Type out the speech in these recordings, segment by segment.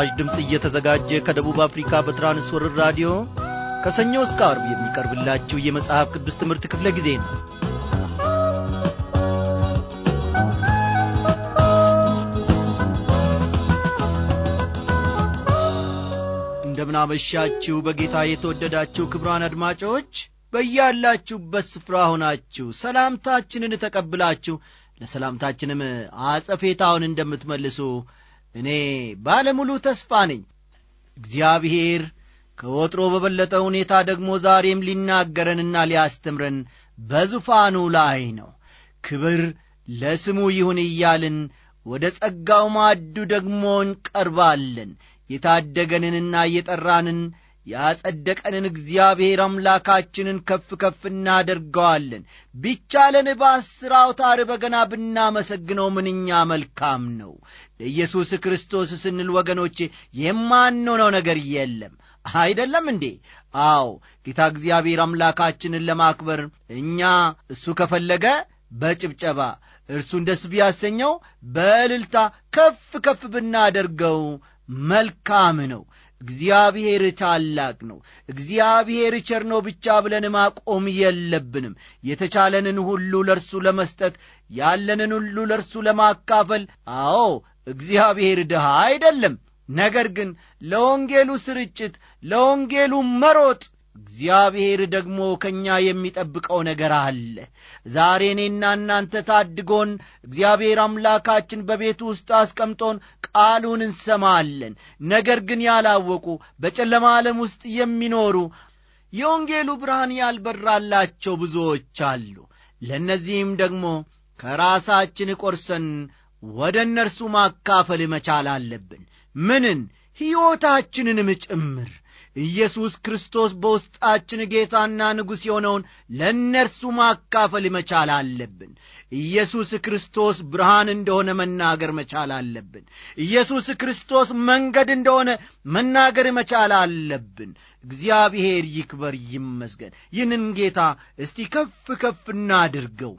ለመስራች ድምፅ እየተዘጋጀ ከደቡብ አፍሪካ በትራንስወርር ራዲዮ ከሰኞ እስከ አርብ የሚቀርብላችሁ የመጽሐፍ ቅዱስ ትምህርት ክፍለ ጊዜ ነው እንደምናመሻችሁ በጌታ የተወደዳችሁ ክብራን አድማጮች በያላችሁበት ስፍራ ሆናችሁ ሰላምታችንን ተቀብላችሁ ለሰላምታችንም አጸፌታውን እንደምትመልሱ እኔ ባለሙሉ ተስፋ ነኝ። እግዚአብሔር ከወትሮ በበለጠ ሁኔታ ደግሞ ዛሬም ሊናገረንና ሊያስተምረን በዙፋኑ ላይ ነው። ክብር ለስሙ ይሁን እያልን ወደ ጸጋው ማዱ ደግሞ እንቀርባለን። የታደገንንና የጠራንን ያጸደቀንን እግዚአብሔር አምላካችንን ከፍ ከፍ እናደርገዋለን። ቢቻለን በአሥር አውታር በገና ብናመሰግነው ምንኛ መልካም ነው። ለኢየሱስ ክርስቶስ ስንል ወገኖቼ የማንሆነው ነገር የለም አይደለም እንዴ? አዎ ጌታ እግዚአብሔር አምላካችንን ለማክበር እኛ እሱ ከፈለገ በጭብጨባ እርሱን ደስ ቢያሰኘው በእልልታ ከፍ ከፍ ብናደርገው መልካም ነው። እግዚአብሔር ታላቅ ነው፣ እግዚአብሔር ቸር ነው ብቻ ብለን ማቆም የለብንም። የተቻለንን ሁሉ ለእርሱ ለመስጠት፣ ያለንን ሁሉ ለእርሱ ለማካፈል። አዎ እግዚአብሔር ድሃ አይደለም። ነገር ግን ለወንጌሉ ስርጭት፣ ለወንጌሉ መሮጥ እግዚአብሔር ደግሞ ከእኛ የሚጠብቀው ነገር አለ። ዛሬ እኔና እናንተ ታድጎን እግዚአብሔር አምላካችን በቤቱ ውስጥ አስቀምጦን ቃሉን እንሰማለን። ነገር ግን ያላወቁ በጨለማ ዓለም ውስጥ የሚኖሩ የወንጌሉ ብርሃን ያልበራላቸው ብዙዎች አሉ። ለእነዚህም ደግሞ ከራሳችን ቆርሰን ወደ እነርሱ ማካፈል መቻል አለብን። ምንን ሕይወታችንንም ጭምር ኢየሱስ ክርስቶስ በውስጣችን ጌታና ንጉሥ የሆነውን ለእነርሱ ማካፈል መቻል አለብን። ኢየሱስ ክርስቶስ ብርሃን እንደሆነ መናገር መቻል አለብን። ኢየሱስ ክርስቶስ መንገድ እንደሆነ መናገር መቻል አለብን። እግዚአብሔር ይክበር ይመስገን። ይህንን ጌታ እስቲ ከፍ ከፍ እናድርገው።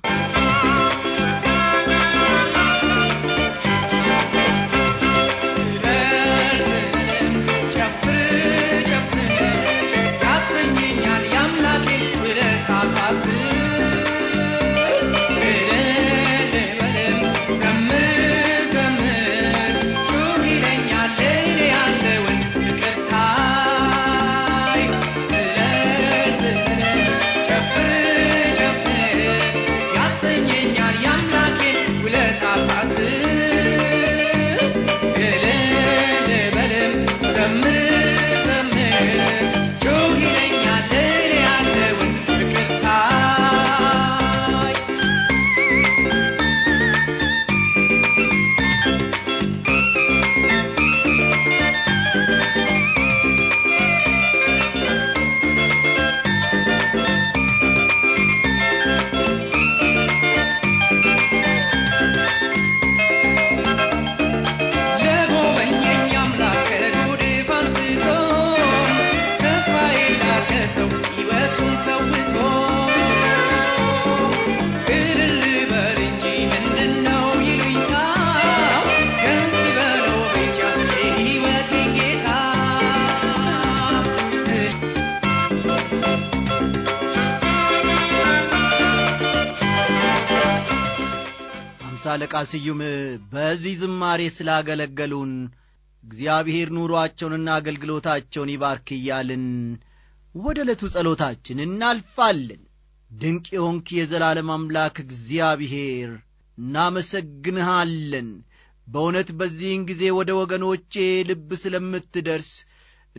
አለቃ ስዩም በዚህ ዝማሬ ስላገለገሉን እግዚአብሔር ኑሯቸውንና አገልግሎታቸውን ይባርክ እያልን ወደ ዕለቱ ጸሎታችን እናልፋለን። ድንቅ የሆንክ የዘላለም አምላክ እግዚአብሔር እናመሰግንሃለን። በእውነት በዚህን ጊዜ ወደ ወገኖቼ ልብ ስለምትደርስ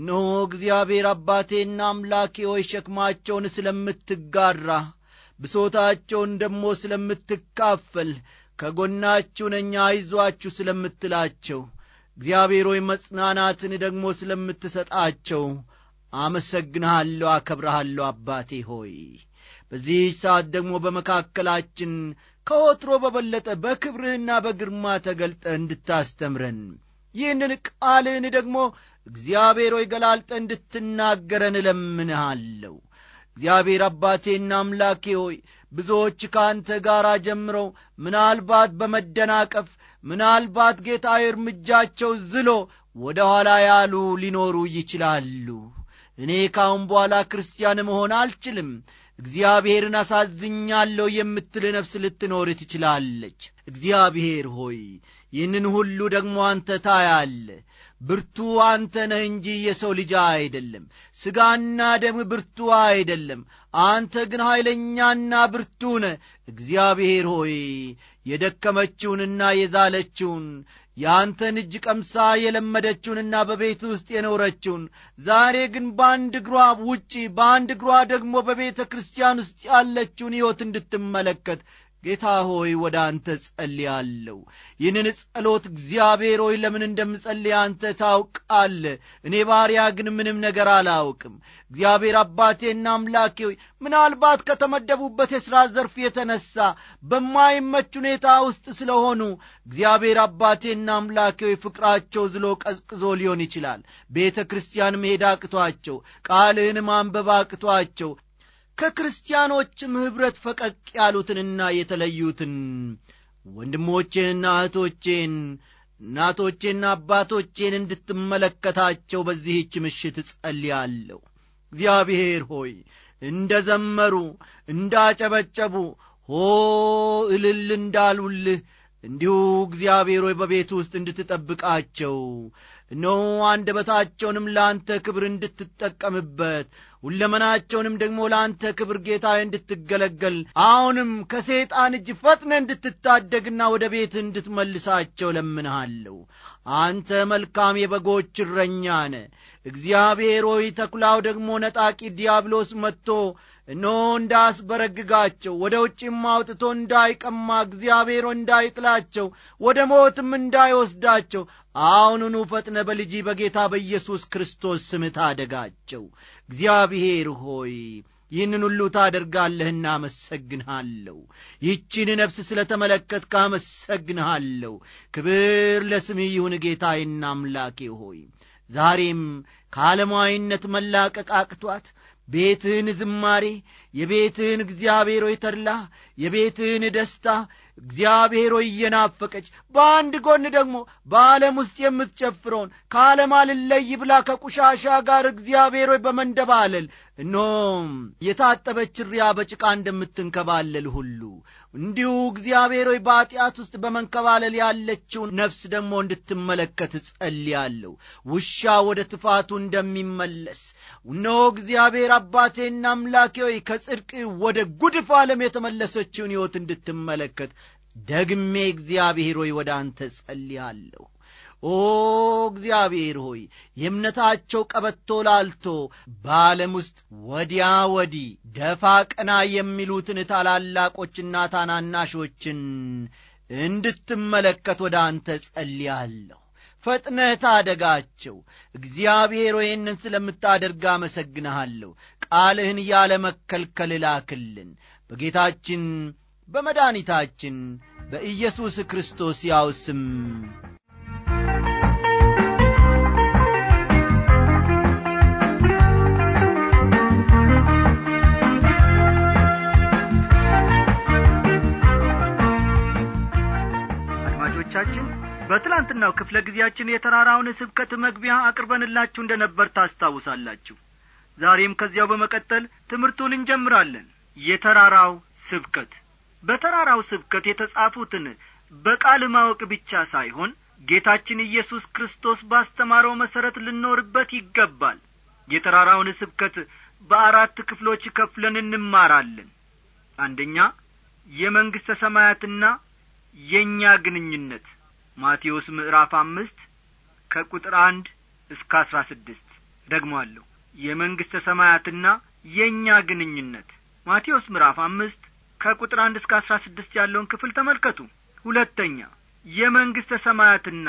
እነሆ እግዚአብሔር አባቴና አምላኬ ሆይ ሸክማቸውን ስለምትጋራ ብሶታቸውን ደሞ ስለምትካፈል ከጎናችሁ ነኛ አይዟችሁ ስለምትላቸው እግዚአብሔር ሆይ መጽናናትን ደግሞ ስለምትሰጣቸው አመሰግንሃለሁ፣ አከብረሃለሁ አባቴ ሆይ በዚህ ሰዓት ደግሞ በመካከላችን ከወትሮ በበለጠ በክብርህና በግርማ ተገልጠ እንድታስተምረን ይህንን ቃልህን ደግሞ እግዚአብሔር ሆይ ገላልጠ እንድትናገረን እለምንሃለሁ። እግዚአብሔር አባቴና አምላኬ ሆይ ብዙዎች ከአንተ ጋር ጀምረው ምናልባት በመደናቀፍ ምናልባት ጌታ እርምጃቸው ዝሎ ወደ ኋላ ያሉ ሊኖሩ ይችላሉ እኔ ካሁን በኋላ ክርስቲያን መሆን አልችልም እግዚአብሔርን አሳዝኛለሁ የምትል ነፍስ ልትኖር ትችላለች እግዚአብሔር ሆይ ይህንን ሁሉ ደግሞ አንተ ታያለህ ብርቱ አንተ ነህ እንጂ የሰው ልጅ አይደለም። ሥጋና ደም ብርቱ አይደለም። አንተ ግን ኃይለኛና ብርቱ ነህ። እግዚአብሔር ሆይ የደከመችውንና የዛለችውን የአንተን እጅ ቀምሳ የለመደችውንና በቤት ውስጥ የኖረችውን ዛሬ ግን በአንድ እግሯ ውጪ በአንድ እግሯ ደግሞ በቤተ ክርስቲያን ውስጥ ያለችውን ሕይወት እንድትመለከት ጌታ ሆይ ወደ አንተ ጸልያለሁ። ይህንን ጸሎት እግዚአብሔር ሆይ ለምን እንደምጸልይ አንተ ታውቃለ። እኔ ባሪያ ግን ምንም ነገር አላውቅም። እግዚአብሔር አባቴና አምላኬ ሆይ ምናልባት ከተመደቡበት የሥራ ዘርፍ የተነሳ በማይመች ሁኔታ ውስጥ ስለሆኑ እግዚአብሔር አባቴና አምላኬ ሆይ ፍቅራቸው ዝሎ ቀዝቅዞ ሊሆን ይችላል። ቤተ ክርስቲያን መሄድ አቅቷቸው፣ ቃልህን ማንበብ አቅቷቸው ከክርስቲያኖችም ኅብረት ፈቀቅ ያሉትንና የተለዩትን ወንድሞቼንና እህቶቼን እናቶቼና አባቶቼን እንድትመለከታቸው በዚህች ምሽት እጸልያለሁ። እግዚአብሔር ሆይ እንደ ዘመሩ እንዳጨበጨቡ ሆ እልል እንዳሉልህ እንዲሁ እግዚአብሔር ሆይ በቤት ውስጥ እንድትጠብቃቸው እነሆ አንደበታቸውንም ለአንተ ክብር እንድትጠቀምበት ሁለመናቸውንም ደግሞ ለአንተ ክብር ጌታ እንድትገለገል አሁንም ከሰይጣን እጅ ፈጥነ እንድትታደግና ወደ ቤት እንድትመልሳቸው ለምንሃለሁ አንተ መልካም የበጎች እረኛ ነህ እግዚአብሔር ሆይ ተኩላው ደግሞ ነጣቂ ዲያብሎስ መጥቶ እነሆ እንዳስበረግጋቸው ወደ ውጭም አውጥቶ እንዳይቀማ እግዚአብሔር እንዳይጥላቸው ወደ ሞትም እንዳይወስዳቸው አሁኑኑ ፈጥነ በልጂ በጌታ በኢየሱስ ክርስቶስ ስም ታደጋቸው እግዚአብሔር ሆይ ይህንን ሁሉ ታደርጋለህና አመሰግንሃለሁ ይቺን ነፍስ ስለ ተመለከትክ አመሰግንሃለሁ ክብር ለስምህ ይሁን ጌታዬና አምላኬ ሆይ ዛሬም ከዓለማዊነት መላቀቅ አቅቷት ቤትህን ዝማሬ፣ የቤትህን እግዚአብሔር ሆይ ተድላ፣ የቤትህን ደስታ፣ እግዚአብሔር ሆይ እየናፈቀች በአንድ ጎን ደግሞ በዓለም ውስጥ የምትጨፍረውን ከዓለም አልለይ ብላ ከቁሻሻ ጋር እግዚአብሔር ሆይ በመንደባለል እኖም የታጠበች ሪያ በጭቃ እንደምትንከባለል ሁሉ እንዲሁ እግዚአብሔር ሆይ በአጢአት ውስጥ በመንከባለል ያለችውን ነፍስ ደግሞ እንድትመለከት ጸልያለሁ ውሻ ወደ ትፋቱ እንደሚመለስ እነሆ እግዚአብሔር አባቴና አምላኬ ሆይ ከጽድቅ ወደ ጉድፍ ዓለም የተመለሰችውን ሕይወት እንድትመለከት ደግሜ እግዚአብሔር ሆይ ወደ አንተ ጸልያለሁ። ኦ እግዚአብሔር ሆይ የእምነታቸው ቀበቶ ላልቶ በዓለም ውስጥ ወዲያ ወዲ ደፋ ቀና የሚሉትን ታላላቆችና ታናናሾችን እንድትመለከት ወደ አንተ ጸልያለሁ። ፈጥነህ ታደጋቸው። እግዚአብሔር ወይንን ስለምታደርግ አመሰግንሃለሁ። ቃልህን ያለ መከልከል ላክልን በጌታችን በመድኃኒታችን በኢየሱስ ክርስቶስ ያው ስም አድማጮቻችን በትላንትናው ክፍለ ጊዜያችን የተራራውን ስብከት መግቢያ አቅርበንላችሁ እንደ ነበር ታስታውሳላችሁ ዛሬም ከዚያው በመቀጠል ትምህርቱን እንጀምራለን የተራራው ስብከት በተራራው ስብከት የተጻፉትን በቃል ማወቅ ብቻ ሳይሆን ጌታችን ኢየሱስ ክርስቶስ ባስተማረው መሠረት ልኖርበት ይገባል የተራራውን ስብከት በአራት ክፍሎች ከፍለን እንማራለን አንደኛ የመንግሥተ ሰማያትና የእኛ ግንኙነት ማቴዎስ ምዕራፍ አምስት ከቁጥር አንድ እስከ አሥራ ስድስት ደግሞአለሁ የመንግሥተ ሰማያትና የእኛ ግንኙነት ማቴዎስ ምዕራፍ አምስት ከቁጥር አንድ እስከ አስራ ስድስት ያለውን ክፍል ተመልከቱ ሁለተኛ የመንግሥተ ሰማያትና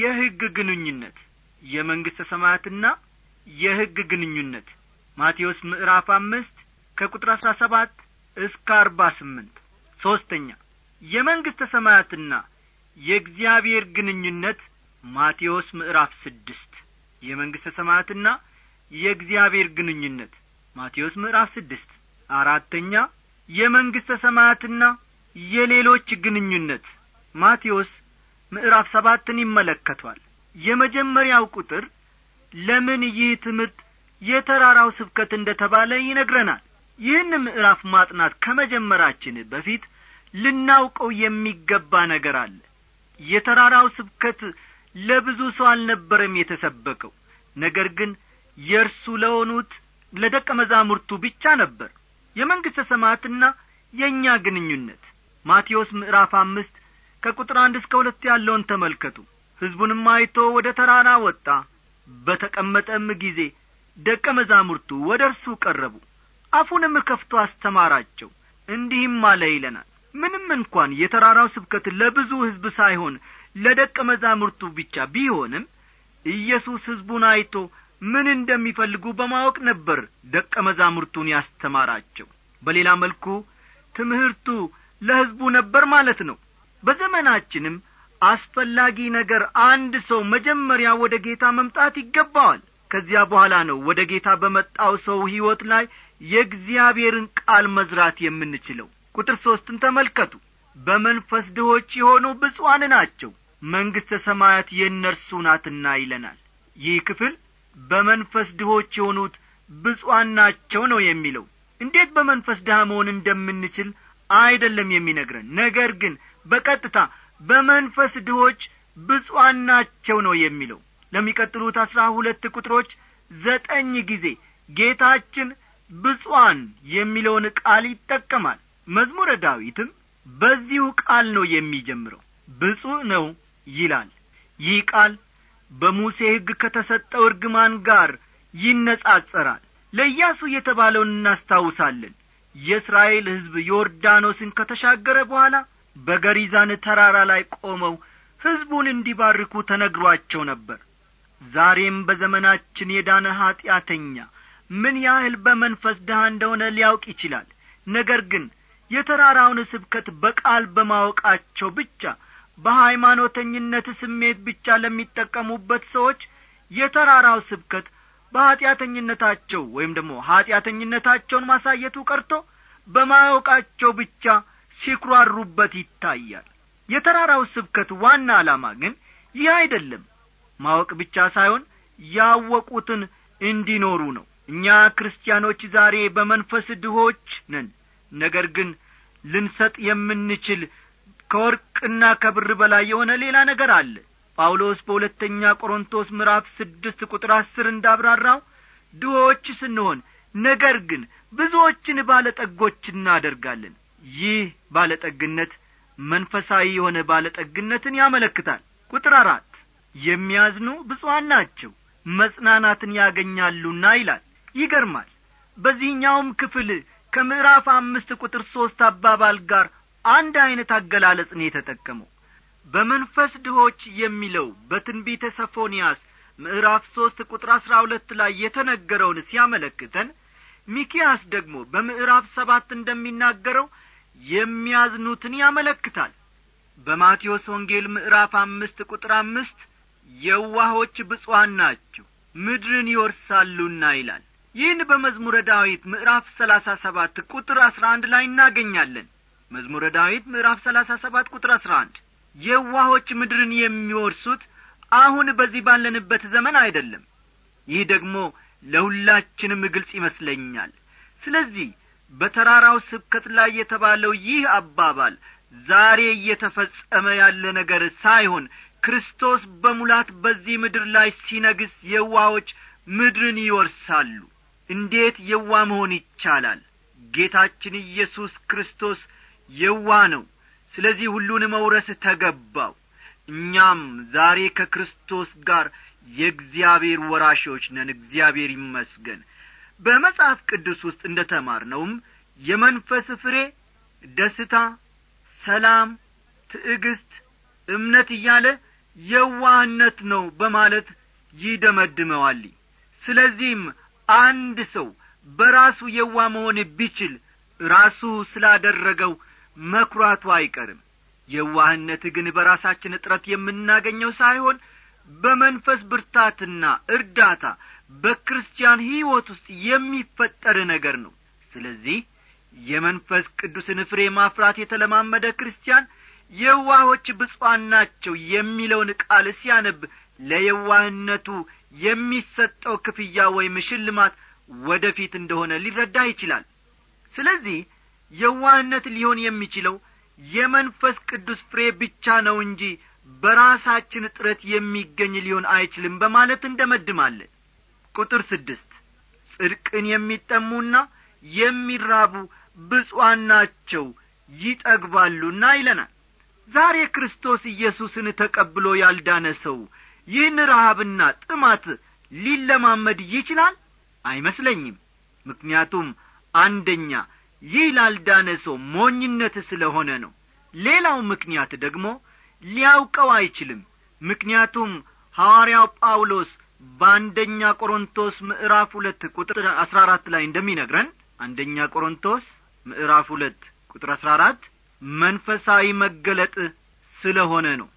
የሕግ ግንኙነት የመንግሥተ ሰማያትና የሕግ ግንኙነት ማቴዎስ ምዕራፍ አምስት ከቁጥር አስራ ሰባት እስከ አርባ ስምንት ሦስተኛ የመንግሥተ ሰማያትና የእግዚአብሔር ግንኙነት ማቴዎስ ምዕራፍ ስድስት የመንግሥተ ሰማያትና የእግዚአብሔር ግንኙነት ማቴዎስ ምዕራፍ ስድስት አራተኛ የመንግሥተ ሰማያትና የሌሎች ግንኙነት ማቴዎስ ምዕራፍ ሰባትን ይመለከቷል የመጀመሪያው ቁጥር ለምን ይህ ትምህርት የተራራው ስብከት እንደ ተባለ ይነግረናል ይህን ምዕራፍ ማጥናት ከመጀመራችን በፊት ልናውቀው የሚገባ ነገር አለ የተራራው ስብከት ለብዙ ሰው አልነበረም የተሰበከው ነገር ግን የእርሱ ለሆኑት ለደቀ መዛሙርቱ ብቻ ነበር የመንግሥተ ሰማያትና የእኛ ግንኙነት ማቴዎስ ምዕራፍ አምስት ከቁጥር አንድ እስከ ሁለት ያለውን ተመልከቱ ሕዝቡንም አይቶ ወደ ተራራ ወጣ በተቀመጠም ጊዜ ደቀ መዛሙርቱ ወደ እርሱ ቀረቡ አፉንም ከፍቶ አስተማራቸው እንዲህም አለ ይለናል ምንም እንኳን የተራራው ስብከት ለብዙ ሕዝብ ሳይሆን ለደቀ መዛሙርቱ ብቻ ቢሆንም ኢየሱስ ሕዝቡን አይቶ ምን እንደሚፈልጉ በማወቅ ነበር ደቀ መዛሙርቱን ያስተማራቸው በሌላ መልኩ ትምህርቱ ለሕዝቡ ነበር ማለት ነው በዘመናችንም አስፈላጊ ነገር አንድ ሰው መጀመሪያ ወደ ጌታ መምጣት ይገባዋል ከዚያ በኋላ ነው ወደ ጌታ በመጣው ሰው ሕይወት ላይ የእግዚአብሔርን ቃል መዝራት የምንችለው ቁጥር ሦስትን ተመልከቱ በመንፈስ ድሆች የሆኑ ብፁዋን ናቸው መንግሥተ ሰማያት የእነርሱ ናትና ይለናል ይህ ክፍል በመንፈስ ድሆች የሆኑት ብፁዓን ናቸው ነው የሚለው እንዴት በመንፈስ ድሃ መሆን እንደምንችል አይደለም የሚነግረን ነገር ግን በቀጥታ በመንፈስ ድሆች ብፁዓን ናቸው ነው የሚለው ለሚቀጥሉት አሥራ ሁለት ቁጥሮች ዘጠኝ ጊዜ ጌታችን ብፁዓን የሚለውን ቃል ይጠቀማል መዝሙረ ዳዊትም በዚሁ ቃል ነው የሚጀምረው ብፁዕ ነው ይላል ይህ ቃል በሙሴ ሕግ ከተሰጠው እርግማን ጋር ይነጻጸራል ለኢያሱ የተባለውን እናስታውሳለን የእስራኤል ሕዝብ ዮርዳኖስን ከተሻገረ በኋላ በገሪዛን ተራራ ላይ ቆመው ሕዝቡን እንዲባርኩ ተነግሯቸው ነበር ዛሬም በዘመናችን የዳነ ኀጢአተኛ ምን ያህል በመንፈስ ድሃ እንደሆነ ሊያውቅ ይችላል ነገር ግን የተራራውን ስብከት በቃል በማወቃቸው ብቻ በሃይማኖተኝነት ስሜት ብቻ ለሚጠቀሙበት ሰዎች የተራራው ስብከት በኀጢአተኝነታቸው ወይም ደግሞ ኀጢአተኝነታቸውን ማሳየቱ ቀርቶ በማወቃቸው ብቻ ሲኩራሩበት ይታያል የተራራው ስብከት ዋና ዓላማ ግን ይህ አይደለም ማወቅ ብቻ ሳይሆን ያወቁትን እንዲኖሩ ነው እኛ ክርስቲያኖች ዛሬ በመንፈስ ድሆች ነን ነገር ግን ልንሰጥ የምንችል ከወርቅና ከብር በላይ የሆነ ሌላ ነገር አለ ጳውሎስ በሁለተኛ ቆሮንቶስ ምዕራፍ ስድስት ቁጥር አስር እንዳብራራው ድሆች ስንሆን ነገር ግን ብዙዎችን ባለጠጎች እናደርጋለን ይህ ባለጠግነት መንፈሳዊ የሆነ ባለጠግነትን ያመለክታል ቁጥር አራት የሚያዝኑ ብፁዋን ናቸው መጽናናትን ያገኛሉና ይላል ይገርማል በዚህኛውም ክፍል ከምዕራፍ አምስት ቁጥር ሦስት አባባል ጋር አንድ ዐይነት አገላለጽ ነው የተጠቀመው በመንፈስ ድሆች የሚለው በትንቢተ ሰፎንያስ ምዕራፍ ሦስት ቁጥር አሥራ ሁለት ላይ የተነገረውን ሲያመለክተን ሚኪያስ ደግሞ በምዕራፍ ሰባት እንደሚናገረው የሚያዝኑትን ያመለክታል በማቴዎስ ወንጌል ምዕራፍ አምስት ቁጥር አምስት የዋሆች ብፁዋን ናቸው ምድርን ይወርሳሉና ይላል ይህን በመዝሙረ ዳዊት ምዕራፍ ሰላሳ ሰባት ቁጥር አሥራ አንድ ላይ እናገኛለን መዝሙረ ዳዊት ምዕራፍ 37 ቁጥር 11 የዋሆች ምድርን የሚወርሱት አሁን በዚህ ባለንበት ዘመን አይደለም ይህ ደግሞ ለሁላችንም ግልጽ ይመስለኛል ስለዚህ በተራራው ስብከት ላይ የተባለው ይህ አባባል ዛሬ እየተፈጸመ ያለ ነገር ሳይሆን ክርስቶስ በሙላት በዚህ ምድር ላይ ሲነግስ የዋዎች ምድርን ይወርሳሉ እንዴት የዋ መሆን ይቻላል ጌታችን ኢየሱስ ክርስቶስ የዋ ነው ስለዚህ ሁሉን መውረስ ተገባው እኛም ዛሬ ከክርስቶስ ጋር የእግዚአብሔር ወራሾች ነን እግዚአብሔር ይመስገን በመጽሐፍ ቅዱስ ውስጥ እንደ ተማርነውም የመንፈስ ፍሬ ደስታ ሰላም ትዕግስት እምነት እያለ የዋህነት ነው በማለት ይደመድመዋል ስለዚህም አንድ ሰው በራሱ የዋ መሆን ቢችል ራሱ ስላደረገው መኩራቱ አይቀርም የዋህነት ግን በራሳችን እጥረት የምናገኘው ሳይሆን በመንፈስ ብርታትና እርዳታ በክርስቲያን ሕይወት ውስጥ የሚፈጠር ነገር ነው ስለዚህ የመንፈስ ቅዱስን ፍሬ ማፍራት የተለማመደ ክርስቲያን የዋሆች ብፁዓን ናቸው የሚለውን ቃል ሲያነብ ለየዋህነቱ የሚሰጠው ክፍያ ወይም ሽልማት ወደፊት እንደሆነ ሊረዳ ይችላል ስለዚህ የዋህነት ሊሆን የሚችለው የመንፈስ ቅዱስ ፍሬ ብቻ ነው እንጂ በራሳችን ጥረት የሚገኝ ሊሆን አይችልም በማለት እንደመድማለን ቁጥር ስድስት ጽድቅን የሚጠሙና የሚራቡ ብፁዋን ናቸው ይጠግባሉና ይለናል ዛሬ ክርስቶስ ኢየሱስን ተቀብሎ ያልዳነ ሰው ይህን ረሃብና ጥማት ሊለማመድ ይችላል አይመስለኝም ምክንያቱም አንደኛ ይህ ላልዳነ ሰው ሞኝነት ስለሆነ ነው ሌላው ምክንያት ደግሞ ሊያውቀው አይችልም ምክንያቱም ሐዋርያው ጳውሎስ በአንደኛ ቆሮንቶስ ምዕራፍ ሁለት ቁጥር አሥራ አራት ላይ እንደሚነግረን አንደኛ ቆሮንቶስ ምዕራፍ ሁለት ቁጥር አሥራ አራት መንፈሳዊ መገለጥ ስለሆነ ነው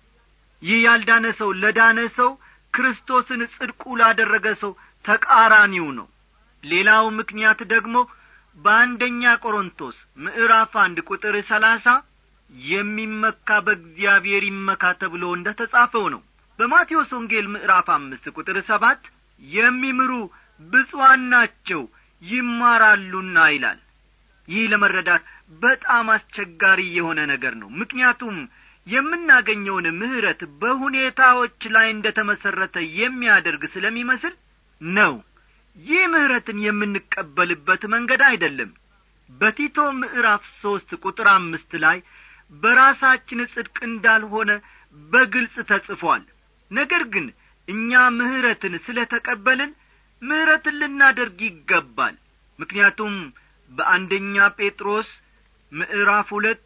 ይህ ያልዳነ ሰው ለዳነ ሰው ክርስቶስን ጽድቁ ላደረገ ሰው ተቃራኒው ነው ሌላው ምክንያት ደግሞ በአንደኛ ቆሮንቶስ ምዕራፍ አንድ ቁጥር ሰላሳ የሚመካ በእግዚአብሔር ይመካ ተብሎ እንደ ተጻፈው ነው በማቴዎስ ወንጌል ምዕራፍ አምስት ቁጥር ሰባት የሚምሩ ብፁዋን ናቸው ይማራሉና ይላል ይህ ለመረዳት በጣም አስቸጋሪ የሆነ ነገር ነው ምክንያቱም የምናገኘውን ምሕረት በሁኔታዎች ላይ እንደ ተመሠረተ የሚያደርግ ስለሚመስል ነው ይህ ምሕረትን የምንቀበልበት መንገድ አይደለም በቲቶ ምዕራፍ ሦስት ቁጥር አምስት ላይ በራሳችን ጽድቅ እንዳልሆነ በግልጽ ተጽፏል ነገር ግን እኛ ምሕረትን ስለ ተቀበልን ምሕረትን ልናደርግ ይገባል ምክንያቱም በአንደኛ ጴጥሮስ ምዕራፍ ሁለት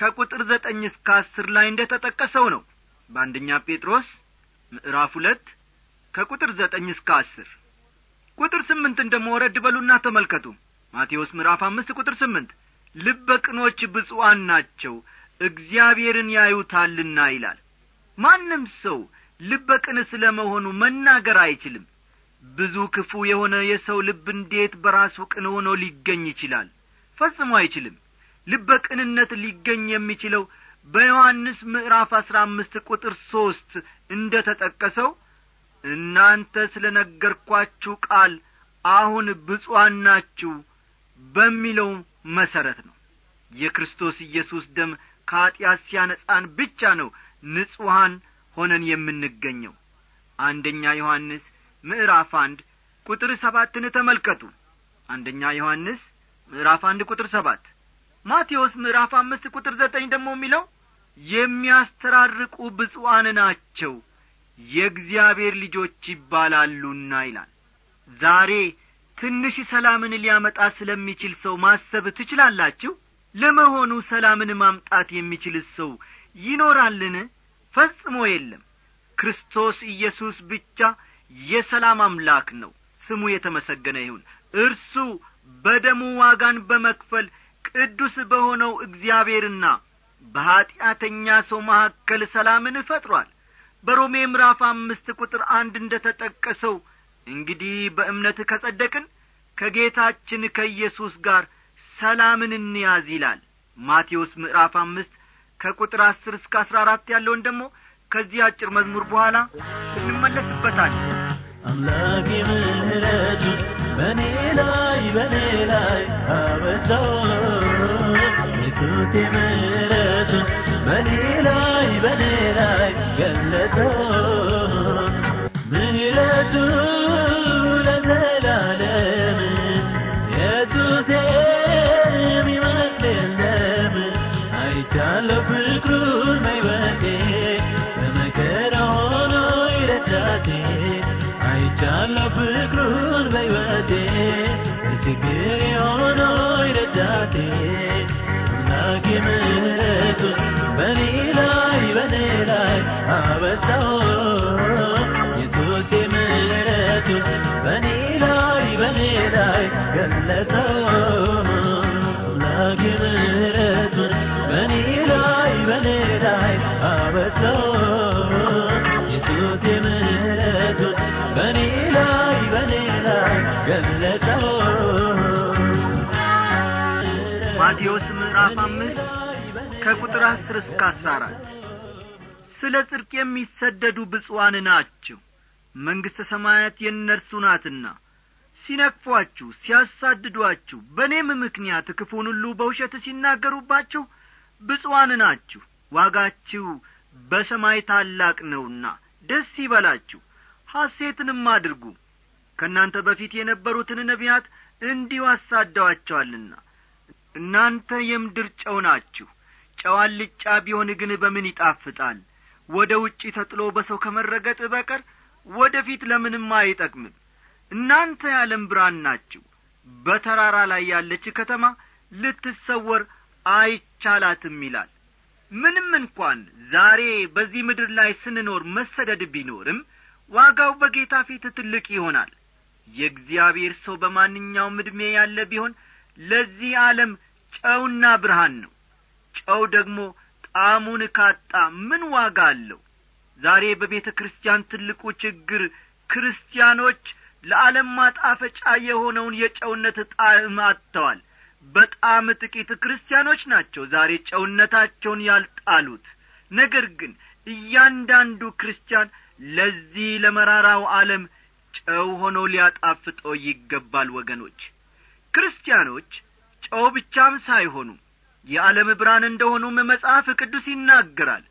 ከቁጥር ዘጠኝ እስከ አስር ላይ እንደ ተጠቀሰው ነው በአንደኛ ጴጥሮስ ምዕራፍ ሁለት ከቁጥር ዘጠኝ እስከ አስር ቁጥር ስምንትን ደሞ ወረድ በሉና ተመልከቱ ማቴዎስ ምዕራፍ አምስት ቁጥር ስምንት ልበ ቅኖች ናቸው እግዚአብሔርን ያዩታልና ይላል ማንም ሰው ልበ ቅን ስለ መሆኑ መናገር አይችልም ብዙ ክፉ የሆነ የሰው ልብ እንዴት በራሱ ቅን ሆኖ ሊገኝ ይችላል ፈጽሞ አይችልም ልበ ቅንነት ሊገኝ የሚችለው በዮሐንስ ምዕራፍ አሥራ አምስት ቁጥር ሦስት እንደ ተጠቀሰው እናንተ ስለ ነገርኳችሁ ቃል አሁን ብፁዋን ናችሁ በሚለው መሠረት ነው የክርስቶስ ኢየሱስ ደም ከአጢአት ሲያነጻን ብቻ ነው ንጹሐን ሆነን የምንገኘው አንደኛ ዮሐንስ ምዕራፍ አንድ ቁጥር ሰባትን ተመልከቱ አንደኛ ዮሐንስ ምዕራፍ አንድ ቁጥር ሰባት ማቴዎስ ምዕራፍ አምስት ቁጥር ዘጠኝ ደግሞ የሚለው የሚያስተራርቁ ብፁዓን ናቸው የእግዚአብሔር ልጆች ይባላሉና ይላል ዛሬ ትንሽ ሰላምን ሊያመጣ ስለሚችል ሰው ማሰብ ትችላላችሁ ለመሆኑ ሰላምን ማምጣት የሚችል ሰው ይኖራልን ፈጽሞ የለም ክርስቶስ ኢየሱስ ብቻ የሰላም አምላክ ነው ስሙ የተመሰገነ ይሁን እርሱ በደሙ ዋጋን በመክፈል ቅዱስ በሆነው እግዚአብሔርና በኀጢአተኛ ሰው መካከል ሰላምን እፈጥሯል በሮሜ ምዕራፍ አምስት ቁጥር አንድ እንደ ተጠቀሰው እንግዲህ በእምነት ከጸደቅን ከጌታችን ከኢየሱስ ጋር ሰላምን እንያዝ ይላል ማቴዎስ ምዕራፍ አምስት ከቁጥር አስር እስከ አስራ አራት ያለውን ደግሞ ከዚህ አጭር መዝሙር በኋላ እንመለስበታል አምላክ ምህረቱ በእኔ ላይ በእኔ ላይ አበዛው ቅዱስ ምሕረቱን በኔ ላይ በኔ ላይ ገለጸው ምሕረቱን ማቴዎስ ምዕራፍ አምስት ከቁጥር አስር እስከ አስራ አራት ስለ ጽድቅ የሚሰደዱ ብፁዓን ናቸው መንግሥተ ሰማያት የእነርሱ ናትና ሲነክፏችሁ ሲያሳድዷችሁ በእኔም ምክንያት ክፉን ሁሉ በውሸት ሲናገሩባችሁ ብፁዓን ናችሁ ዋጋችሁ በሰማይ ታላቅ ነውና ደስ ይበላችሁ ሐሴትንም አድርጉ ከእናንተ በፊት የነበሩትን ነቢያት እንዲሁ አሳደዋቸዋልና እናንተ የምድር ጨው ናችሁ ጨው አልጫ ቢሆን ግን በምን ይጣፍጣል ወደ ውጪ ተጥሎ በሰው ከመረገጥ በቀር ወደ ፊት ለምንም አይጠቅምም እናንተ ያለም ብርሃን ናችሁ በተራራ ላይ ያለች ከተማ ልትሰወር አይቻላትም ይላል ምንም እንኳን ዛሬ በዚህ ምድር ላይ ስንኖር መሰደድ ቢኖርም ዋጋው በጌታ ፊት ትልቅ ይሆናል የእግዚአብሔር ሰው በማንኛውም ዕድሜ ያለ ቢሆን ለዚህ ዓለም ጨውና ብርሃን ነው ጨው ደግሞ ጣዕሙን ካጣ ምን ዋጋ አለው ዛሬ በቤተ ክርስቲያን ትልቁ ችግር ክርስቲያኖች ለዓለም ማጣፈጫ የሆነውን የጨውነት ጣዕም አጥተዋል በጣም ጥቂት ክርስቲያኖች ናቸው ዛሬ ጨውነታቸውን ያልጣሉት ነገር ግን እያንዳንዱ ክርስቲያን ለዚህ ለመራራው ዓለም ጨው ሆኖ ሊያጣፍጠው ይገባል ወገኖች ክርስቲያኖች ጨው ብቻም ሳይሆኑ የዓለም ብርሃን እንደሆኑም መጽሐፍ ቅዱስ ይናገራል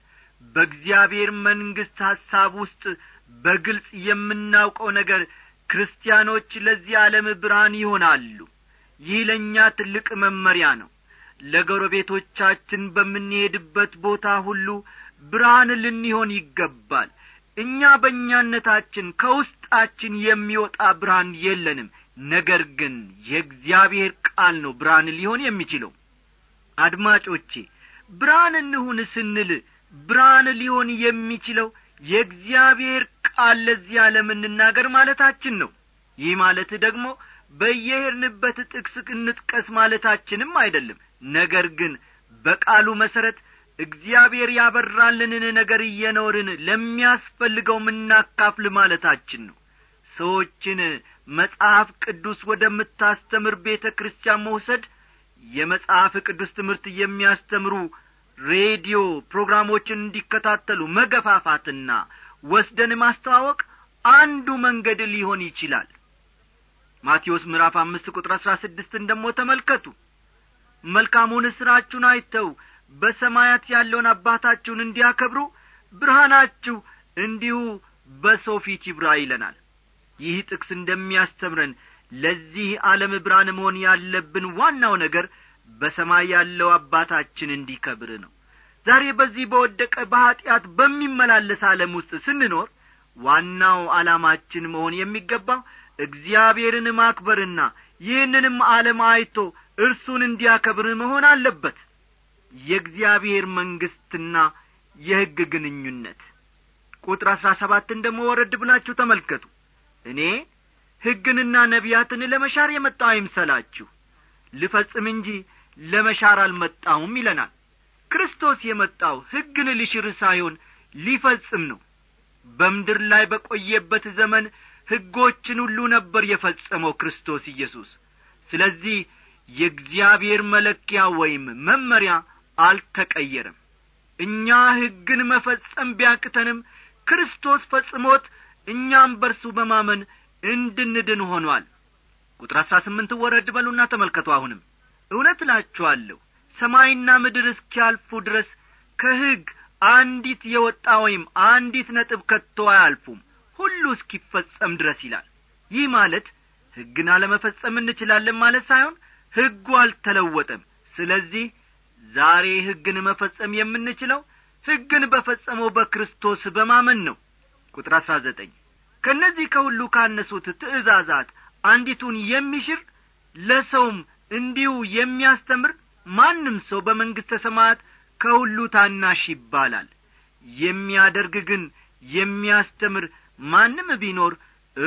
በእግዚአብሔር መንግሥት ሐሳብ ውስጥ በግልጽ የምናውቀው ነገር ክርስቲያኖች ለዚህ ዓለም ብርሃን ይሆናሉ ይህ ለእኛ ትልቅ መመሪያ ነው ለጎረቤቶቻችን በምንሄድበት ቦታ ሁሉ ብርሃን ልንሆን ይገባል እኛ በእኛነታችን ከውስጣችን የሚወጣ ብርሃን የለንም ነገር ግን የእግዚአብሔር ቃል ነው ብርሃን ሊሆን የሚችለው አድማጮቼ ብርሃን እንሁን ስንል ብርሃን ሊሆን የሚችለው የእግዚአብሔር ቃል ለዚህ አለመናገር ማለታችን ነው ይህ ማለት ደግሞ በየሄርንበት ጥቅስ እንጥቀስ ማለታችንም አይደለም ነገር ግን በቃሉ መሠረት እግዚአብሔር ያበራልንን ነገር እየኖርን ለሚያስፈልገው ምናካፍል ማለታችን ነው ሰዎችን መጽሐፍ ቅዱስ ወደምታስተምር ቤተ ክርስቲያን መውሰድ የመጽሐፍ ቅዱስ ትምህርት የሚያስተምሩ ሬዲዮ ፕሮግራሞችን እንዲከታተሉ መገፋፋትና ወስደን ማስተዋወቅ አንዱ መንገድ ሊሆን ይችላል ማቴዎስ ምዕራፍ አምስት ቁጥር አሥራ ስድስትን ደግሞ ተመልከቱ መልካሙን ሥራችሁን አይተው በሰማያት ያለውን አባታችሁን እንዲያከብሩ ብርሃናችሁ እንዲሁ በሰው ፊት ይብራ ይለናል ይህ ጥቅስ እንደሚያስተምረን ለዚህ ዓለም ብራን መሆን ያለብን ዋናው ነገር በሰማይ ያለው አባታችን እንዲከብር ነው ዛሬ በዚህ በወደቀ በኀጢአት በሚመላለስ ዓለም ውስጥ ስንኖር ዋናው ዓላማችን መሆን የሚገባው እግዚአብሔርን ማክበርና ይህንንም ዓለም አይቶ እርሱን እንዲያከብር መሆን አለበት የእግዚአብሔር መንግሥትና የሕግ ግንኙነት ቁጥር አሥራ ሰባትን ደግሞ ወረድ ብላችሁ ተመልከቱ እኔ ሕግንና ነቢያትን ለመሻር የመጣሁ አይምሰላችሁ ልፈጽም እንጂ ለመሻር አልመጣሁም ይለናል ክርስቶስ የመጣው ሕግን ልሽር ሳይሆን ሊፈጽም ነው በምድር ላይ በቆየበት ዘመን ሕጎችን ሁሉ ነበር የፈጸመው ክርስቶስ ኢየሱስ ስለዚህ የእግዚአብሔር መለኪያ ወይም መመሪያ አልተቀየረም እኛ ሕግን መፈጸም ቢያቅተንም ክርስቶስ ፈጽሞት እኛም በርሱ በማመን እንድንድን ሆኗል ቁጥር አሥራ ስምንት ወረድ በሉና ተመልከቱ አሁንም እውነት እላችኋለሁ ሰማይና ምድር እስኪያልፉ ድረስ ከሕግ አንዲት የወጣ ወይም አንዲት ነጥብ ከቶ አያልፉም ሁሉ እስኪፈጸም ድረስ ይላል ይህ ማለት ሕግን አለመፈጸም እንችላለን ማለት ሳይሆን ሕጉ አልተለወጠም ስለዚህ ዛሬ ሕግን መፈጸም የምንችለው ሕግን በፈጸመው በክርስቶስ በማመን ነው ቁጥር 19 ዘጠኝ ከእነዚህ ከሁሉ ካነሱት ትእዛዛት አንዲቱን የሚሽር ለሰውም እንዲሁ የሚያስተምር ማንም ሰው በመንግሥተ ሰማያት ከሁሉ ታናሽ ይባላል የሚያደርግ ግን የሚያስተምር ማንም ቢኖር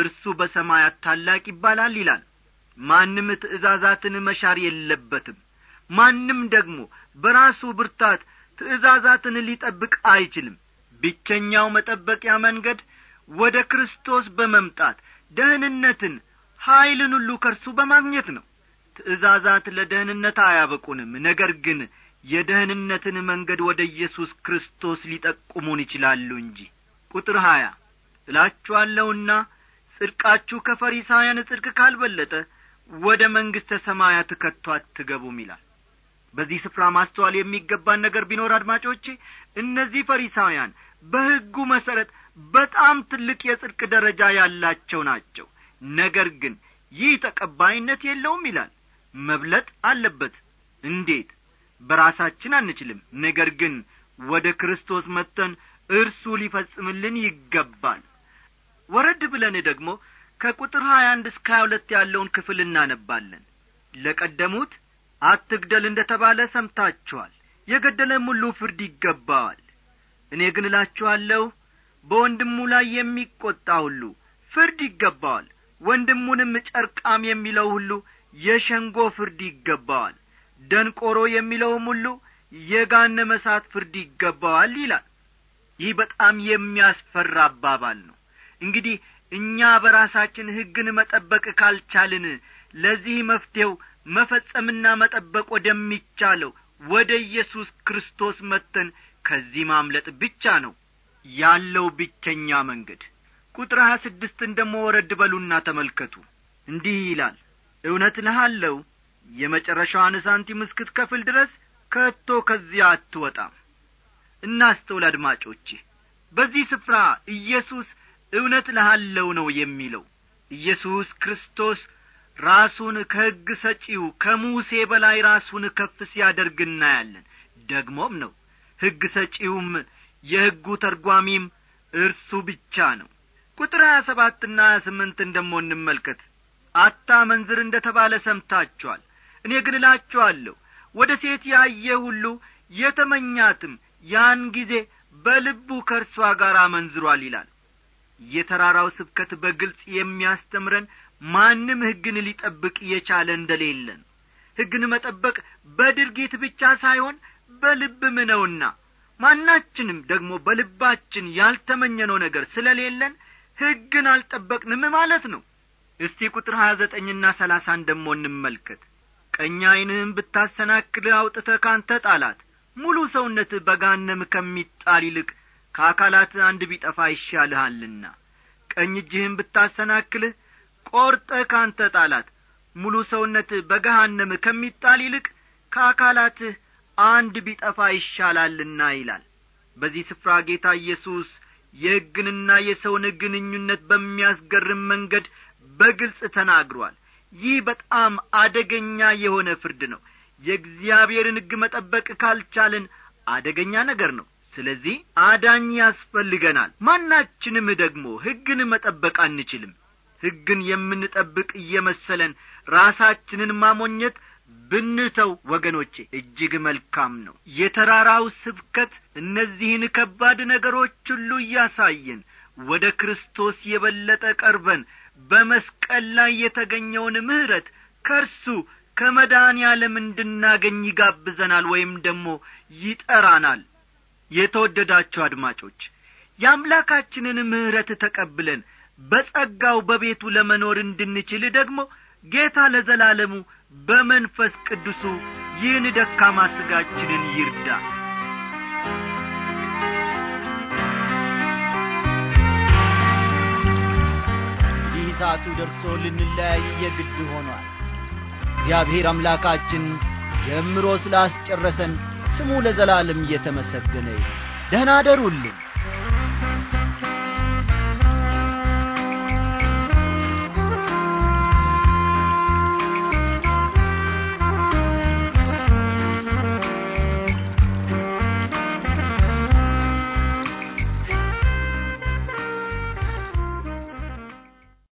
እርሱ በሰማያት ታላቅ ይባላል ይላል ማንም ትእዛዛትን መሻር የለበትም ማንም ደግሞ በራሱ ብርታት ትእዛዛትን ሊጠብቅ አይችልም ብቸኛው መጠበቂያ መንገድ ወደ ክርስቶስ በመምጣት ደህንነትን ኀይልን ሁሉ ከርሱ በማግኘት ነው ትእዛዛት ለደህንነት አያበቁንም ነገር ግን የደህንነትን መንገድ ወደ ኢየሱስ ክርስቶስ ሊጠቁሙን ይችላሉ እንጂ ቁጥር ሀያ እላችኋለሁና ጽድቃችሁ ከፈሪሳውያን ጽድቅ ካልበለጠ ወደ መንግሥተ ሰማያት ከቶ አትገቡም ይላል በዚህ ስፍራ ማስተዋል የሚገባን ነገር ቢኖር አድማጮቼ እነዚህ ፈሪሳውያን በሕጉ መሠረት በጣም ትልቅ የጽድቅ ደረጃ ያላቸው ናቸው ነገር ግን ይህ ተቀባይነት የለውም ይላል መብለጥ አለበት እንዴት በራሳችን አንችልም ነገር ግን ወደ ክርስቶስ መጥተን እርሱ ሊፈጽምልን ይገባል ወረድ ብለን ደግሞ ከቁጥር ሀያ አንድ እስከ ሀያ ሁለት ያለውን ክፍል እናነባለን ለቀደሙት አትግደል እንደ ተባለ ሰምታችኋል የገደለም ሁሉ ፍርድ ይገባዋል እኔ ግን እላችኋለሁ በወንድሙ ላይ የሚቈጣ ሁሉ ፍርድ ይገባዋል ወንድሙንም ጨርቃም የሚለው ሁሉ የሸንጎ ፍርድ ይገባዋል ደንቆሮ የሚለውም ሁሉ የጋነ መሳት ፍርድ ይገባዋል ይላል ይህ በጣም የሚያስፈራ አባባል ነው እንግዲህ እኛ በራሳችን ሕግን መጠበቅ ካልቻልን ለዚህ መፍትው መፈጸምና መጠበቅ ወደሚቻለው ወደ ኢየሱስ ክርስቶስ መተን። ከዚህ ማምለጥ ብቻ ነው ያለው ብቸኛ መንገድ ቁጥር ሀያ ስድስትን ደሞ ወረድ በሉና ተመልከቱ እንዲህ ይላል እውነት ልሃለው የመጨረሻዋን ሳንቲም ከፍል ድረስ ከቶ ከዚያ አትወጣም እናስተውል አድማጮቼ በዚህ ስፍራ ኢየሱስ እውነት ልሃለው ነው የሚለው ኢየሱስ ክርስቶስ ራሱን ከሕግ ሰጪው ከሙሴ በላይ ራሱን ከፍ ሲያደርግ እናያለን ደግሞም ነው ሕግ ሰጪውም የሕጉ ተርጓሚም እርሱ ብቻ ነው ቁጥር ሀያ ሰባትና ሀያ ስምንትን ደሞ እንመልከት መንዝር እንደ ተባለ ሰምታችኋል እኔ ግን እላችኋለሁ ወደ ሴት ያየ ሁሉ የተመኛትም ያን ጊዜ በልቡ ከእርሷ ጋር አመንዝሯል ይላል የተራራው ስብከት በግልጽ የሚያስተምረን ማንም ሕግን ሊጠብቅ የቻለ እንደሌለን ሕግን መጠበቅ በድርጊት ብቻ ሳይሆን በልብም ነውና ማናችንም ደግሞ በልባችን ያልተመኘነው ነገር ስለሌለን ሕግን አልጠበቅንም ማለት ነው እስቲ ቁጥር ሀያ ዘጠኝና ሰላሳን ደሞ እንመልከት ቀኝ ዐይንህም ብታሰናክል አውጥተ ካንተ ጣላት ሙሉ ሰውነትህ በጋነም ከሚጣል ይልቅ ከአካላትህ አንድ ቢጠፋ ይሻልሃልና ቀኝ እጅህም ብታሰናክልህ ቈርጠህ ካንተ ጣላት ሙሉ ሰውነትህ በገሃነም ከሚጣል ይልቅ ከአካላትህ አንድ ቢጠፋ ይሻላልና ይላል በዚህ ስፍራ ጌታ ኢየሱስ የሕግንና የሰውን ግንኙነት በሚያስገርም መንገድ በግልጽ ተናግሯል ይህ በጣም አደገኛ የሆነ ፍርድ ነው የእግዚአብሔርን ሕግ መጠበቅ ካልቻልን አደገኛ ነገር ነው ስለዚህ አዳኝ ያስፈልገናል ማናችንም ደግሞ ሕግን መጠበቅ አንችልም ሕግን የምንጠብቅ እየመሰለን ራሳችንን ማሞኘት ብንተው ወገኖቼ እጅግ መልካም ነው የተራራው ስብከት እነዚህን ከባድ ነገሮች ሁሉ እያሳየን ወደ ክርስቶስ የበለጠ ቀርበን በመስቀል ላይ የተገኘውን ምሕረት ከእርሱ ከመዳን ያለም እንድናገኝ ይጋብዘናል ወይም ደግሞ ይጠራናል የተወደዳችሁ አድማጮች የአምላካችንን ምሕረት ተቀብለን በጸጋው በቤቱ ለመኖር እንድንችል ደግሞ ጌታ ለዘላለሙ በመንፈስ ቅዱሱ ይህን ደካማ ሥጋችንን ይርዳ ይህ ሰዓቱ ደርሶ ልንለያይ የግድ ሆኗል እግዚአብሔር አምላካችን ጀምሮ ስላስጨረሰን ስሙ ለዘላለም እየተመሰገነ ደህና አደሩልን